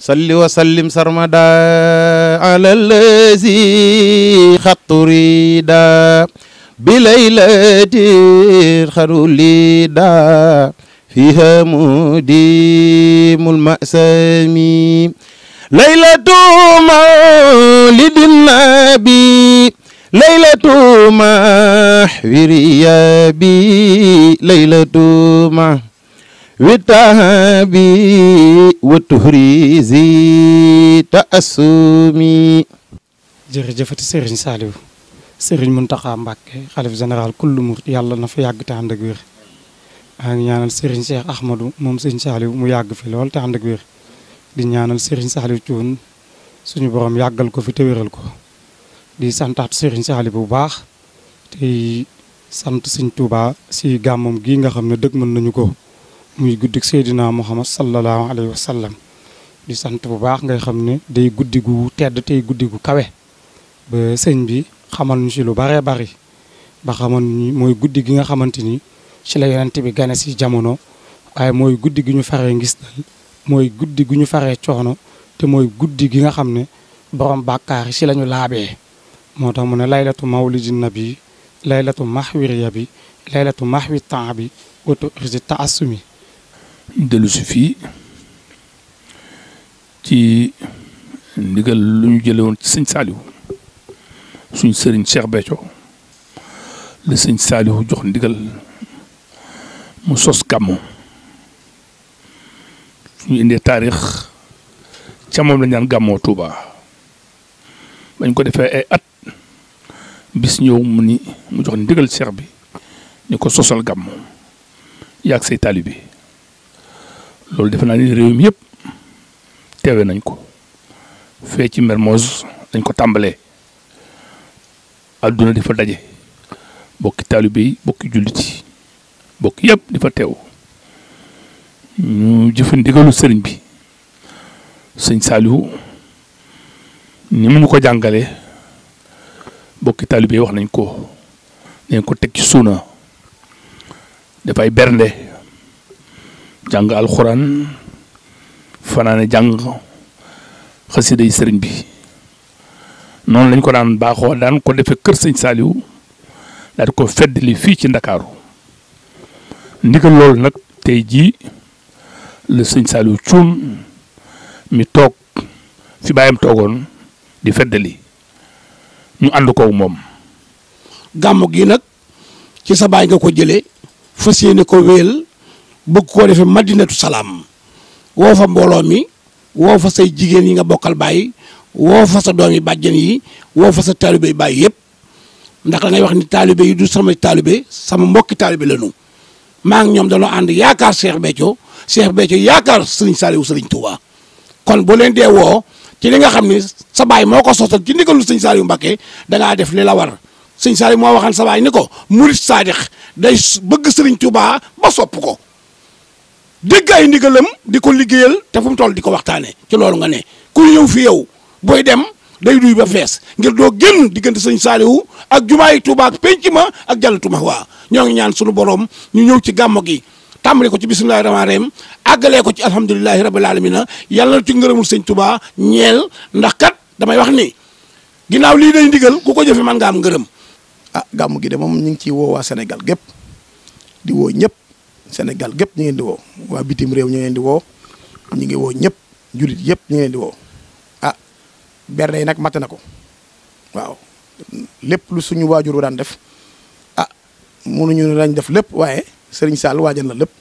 صل وسلم سرمدا على الذي خط ريدا بليلة دا فيها مديم المأسامي ليلة مولد النبي ليلة محور يابي ليلة محور witaabi wa tuhrizi taasumi jërëjëfati sëriñ Saaliw sëriñ Muntaxa Mbàkke xalif général kullu murit yàlla na fa yàgg te ànd ak wér maa ngi ñaanal sëriñ Cheikh Ahmadou moom sëriñ Saaliw mu yàgg fi lool te ànd ak di ñaanal sëriñ Saaliw Cuun suñu borom yàggal ko fi te wéral ko di santaat sëriñ Saaliw bu baax tey sant sëñ Tuubaa si gàmmam gi nga xam ne dëgg mën nañu ko muy guddik Seydina Muhammad sallallahu alayhi wa sallam di sant bu baax ngay xam ne day guddi gu tedd tey guddi gu kawe ba sëñ bi xamal ñu ci lu baree bari ba xamal mooy guddi gi nga xamante ni ci la yonent bi gane si jamono waaye mooy guddi gi ñu faree ngis dal gu ñu faree coono te mooy guddi gi nga xam ne borom bàkkaar ci lañu laabee moo tax mu ne laylatu mawlidi nabi laylatu mahwiriya bi laylatu mahwi temps bi watu risi taasumi dellu fii ci ndigal lu ñu jële woon ci sëñ Saalihu suñ sëriñ Cheikh Béthio la sëñ Saalihu jox ndigal mu sos gàmmu suñu indee taarix ca moom la ñaan gàmmoo Touba bañ ko defee ay at bis ñëw mu ni mu jox ndigal seex bi ni ko sosal gàmmu yàgg say taalibe bi loolu defe naa ni réew mi yëpp teewe nañ ko fee ci Mermoz dañ ko tàmbalee adduna di fa daje bokki taalibe yi bokki jullit yi bokk yëpp di fa teew ñu jëfe ndigalu sëriñ bi sëñ Saliou ni mu ñu ko jàngale bokki taalibe yi wax nañ ko dañ ko teg ci suuna dafay bernde jàng alxuraan fanaane jàng xasida yi sëriñ bi noonu lañ ko daan baaxoo daan ko defee kër sëñ Saliou daal di ko feddali fii ci ndakaaru ndigal loolu nag tey jii la sëñ Saliou Thioune mi toog fi bàyyam toogoon di feddali ñu ànd koog moom. gàmmu gi nag ci sa baay nga ko jëlee fas yéene ko wéyal bëgg ko defé madinatu salam. wo fa mbolo mi wo fa say jigen yi nga bokal bàyyi wo fa sa doom yi yi wo fa sa talibey yi yep ndax la ngay wax ni talibey yi du sama talibey sama mbokki talibey lañu ak ñom da lo and yaakar Cheikh Cheikh yaakar Serigne Saliou Serigne Touba kon bo len de wo ci li nga xamni sa baay moko sotal ci ndigalu Serigne Saliou Mbacké da nga def li la war Serigne Saliou mo waxal sa ni ko day bëgg Serigne Touba ba sopp ko dégg ay ndigalam di ko liggéeyal te fu mu toll di ko waxtaanee ci lolu nga ne ku ñew fi yow boy dem day duy ba fess ngir doo génn diggante sëñ salihu ak jumaay touba ak penc ak jallatu mahwa ñoo ngi ñaan suñu borom ñu ñew ci gàmmo gi tambali ko ci bismillahir rahmanir rahim agale ko ci alhamdullilahi rabbil alamin yalla ci ngeerumul sëñ touba ñeel ndax kat damay wax ni ginaaw li day ndigal ku ko jëfé man nga am ngeerum ah gamu gi de mom ñing ci wo wa senegal gep di wo Sénégal gépp ñu ngeen di woo waa bitim réew ñu ngeen di woo ñu ngi woo ñëpp jullit yëpp ñu ngeen di woo ah berne yi nag mat na ko waaw lépp lu suñu waajur daan def ah mënuñu lañ def lépp waaye sëriñ Serigne waa jën na lépp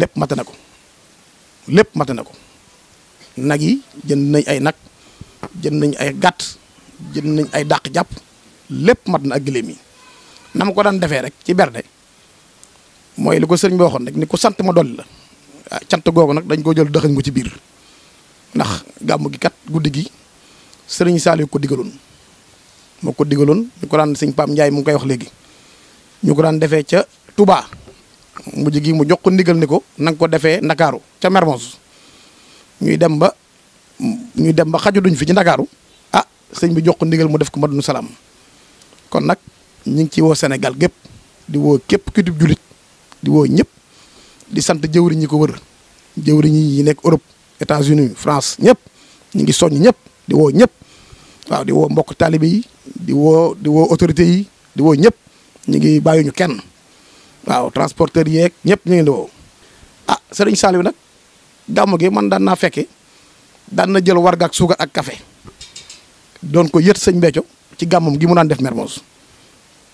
lépp mat na ko lépp mat na ko nag yi jënd nañ ay nag jën nañ ay gàtt jën nañ ay dàq jàpp lépp mat na ak gëléem yi na ma ko daan defee rek ci berne moy li ko sëriñ bi waxon nak ni ko sant ma dol la ah, cant gogo nak dañ ko jël dëxañ ko ci bir ndax gamu gi kat guddi gi sëriñ Saliou ko digalun moo ko digaloon ñu ko ran sëñ pam Ndiaye mu ngi koy wax legi ñu ko daan defee ca Touba mu jigi mu jox ko digal ni ko ko defé ca mermos ñuy dem ba ñuy dem ba xaju duñ fi ci ah sëñ bi jox ko digal mu def ko madunu salam kon nak ñing ci wo senegal gep di wo kep ku julit di wo nyep di sant jëwriñ ñi ko wër jëwriñ yi nek Europe États-Unis France nyep ñi ngi soñ nyep di wo nyep waaw di wo mbokk talibi di woo di wo autorité yi di woo ñëpp ñi ngi ñu kenn waaw transporteurs yeeg ñëpp ñi ngi ah Serigne Saliou nak damu gi man dan na fekke dan na jël warga ak suga ak café don ko yett serigne mbécio ci gamum gi mu naan def Mermoz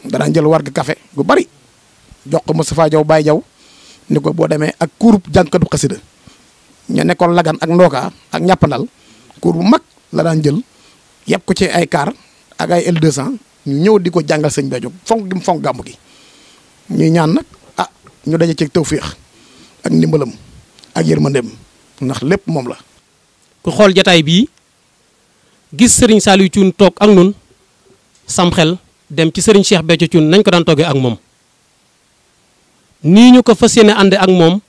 dan jël warga café gu bari jox ko Moustapha Diaw Baye Diaw ni ko bo demé ak kuurub jànkatu xasida ñu nekkon lagan ak ndoka ak ñàppandal kuur bu mag la daan jël yeb ko ci ay car ak ay L200 ñu ñew diko jangal señ bejo fonk gi fonk gamu gi ñuy ñaan nak ah ñu dajé ci tawfiq ak nimbalam ak yermandem ndax lepp mom la. ku xol jotaay bi gis Serigne Saliou tok ak nun sam xel dem ci Serigne Cheikh bejo Thioune nañ ko daan toggee ak mom nii ñu ko fas yéene ànd ak moom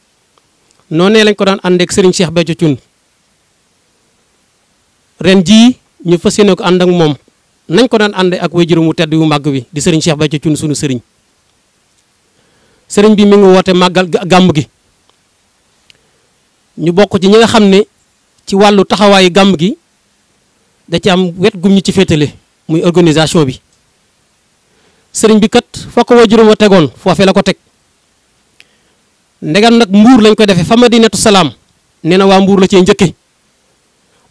noonee lañ ko daan ànd ak Serigne Cheikh Béthio Thioune ren jii ñu fas yéene ko ànd ak moom nañ ko daan ànd ak way juróom wu tedd wu màgg wi di Serigne bay Béthio Thioune sunu sëriñ Serigne bi mu ngi woote màggal gàmm gi ñu bokk ci ñi nga xam ne ci wàllu taxawaayu gàmb gi da ci am wet gum ñu ci féetale muy organisation bi sëriñ bi kat foo ko way juróom wa tegoon foofee la ko teg. ndegam nag mbuur lañ ko defee fa madinatu salaam nee na waa mbuur la cee njëkke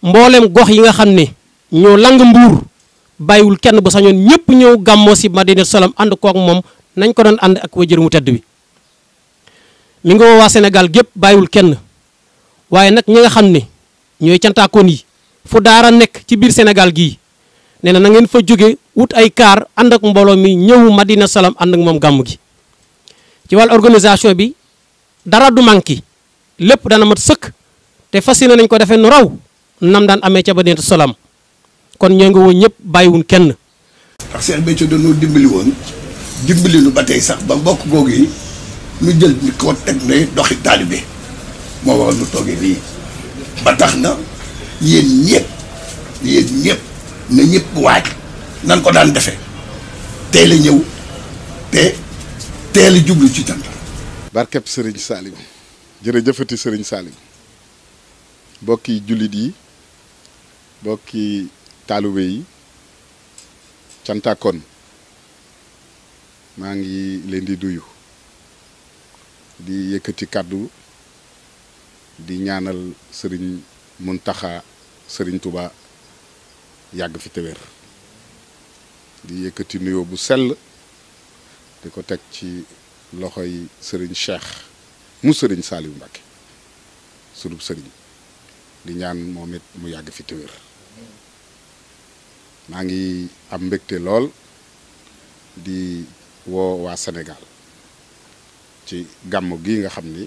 mbooleem gox yi nga xam ne ñoo lang mbuur bàyyiwul kenn ba sañoon ñëpp ñëw gàmmoo si madinatu salaam ànd koog moom nañ ko doon ànd ak wajëru mu tedd bi mu ngi woo waa senegal gépp bàyyiwul kenn waaye nag ñi nga xam ne ñooy cantaakoon yi fu daara nekk ci biir senegal gii nee na na ngeen fa jóge wut ay kaar ànd ak mbooloo mi ñëw Madina Salaam ànd ak moom gàmm gi ci wàllu organisation bi dara du manki lépp dana mat sëkk te fas yéene nañ ko defee nu raw nam daan amee ca Madinatu Salaam kon ñoo ngi woon ñëpp bàyyiwun kenn. ndax Cheikh Béthio dañoo dimbali woon dimbali nu ba tey sax ba mbokk googu yi nu jël ni ko teg ne doxi taalibe moo waral nu toogee nii ba tax na yéen ñëpp yéen ñëpp na ñëpp waaj nan ko daan defee teel ñëw te teel a jublu ci tam barkeb sëriñ Saliou jërëjëfati sëriñ Saliou bokki jullit yi bokki taalibe yi cantakoon maa ngi leen di duyu di yëkkati kàddu di ñaanal sëriñ taxa sëriñ tubaa yàgg fi téwér di yëkkati nuyoo bu sell di ko teg ci yi sëriñ Cheikh mu sëriñ Saliou Mbacke sunub sëriñ di ñaan moom it mu yàgg fi te maa ngi am mbégte lool di woo waa Sénégal ci gàmmu gi nga xam ni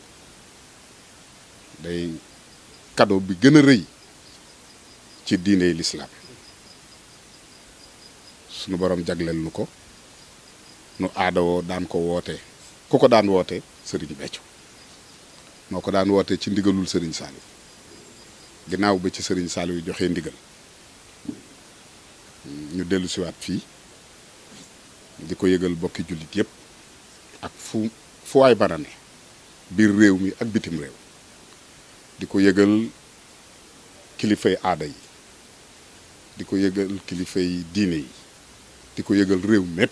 day cadeau bi gën a rëy ci diiney lislaam sunu boroom jagleel nu ko nu aadawoo daan ko woote ku ko daan woote sëriñ Béthio moo ko daan woote ci ndigalul sëriñ Saliou ginnaaw ba ci sëriñ Saliou joxe ndigal ñu dellu siwaat fii di ko yëgal bokki jullit yépp ak fu fu waay bara biir réew mi ak bitim réew di ko yëgal kilifay aada yi di ko yëgal kilifay diine yi di ko yëgal réew mépp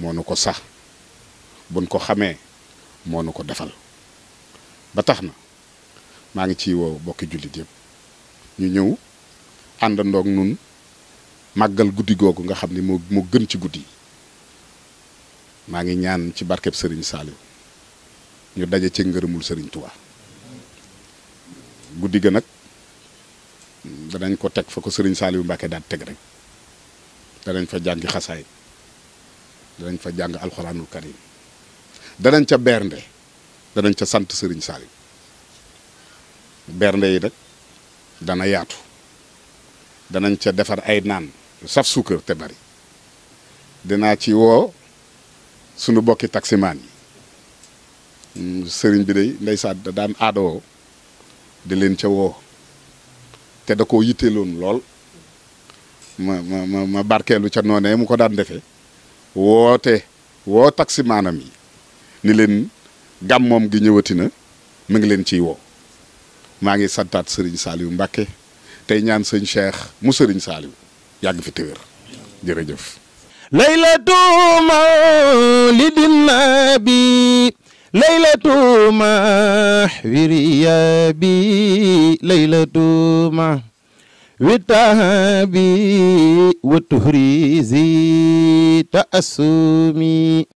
moo nu ko sax buñ ko xamee moo nu ko defal ba tax na maa ngi ci woo bokki jullit yëpp ñu ñëw àndandoog nun màggal guddi googu nga xam ni moo moo gën ci guddi yi maa ngi ñaan ci barkeb sëriñ Saaliw ñu daje ci ngërëmul sëriñ Tuubaa guddi ga nag danañ ko teg fa ko sëriñ Saaliw Mbàkke daan teg rek danañ fa jàngi xasaay danañ fa jàng alxuraanul karim danañ ca bernde danañ ca sant sëriñ Saliou bernde yi nag dana yaatu danañ ca defar ay naan saf suukar te bari dinaa ci woo sunu bokki taximaan yi mm, sëriñ bi day ndeysaan da daan aadoo di leen ca woo te da koo yitteeloon lool ma ma ma barkeelu ca noonee mu ko daan defee woote woo taksi maanam yi ni leen gàmmoom gi ñëwati na mu ngi leen ciy woo maa ngi santaat sëriñ Saliou Mbacke tey ñaan sëñ Cheikh mu sëriñ Saliou yàgg fi téwér jërëjëf laylatu mawlidin nabi laylatu mahwiriya bi laylatu ma witahabi wa tuhrizi taasumi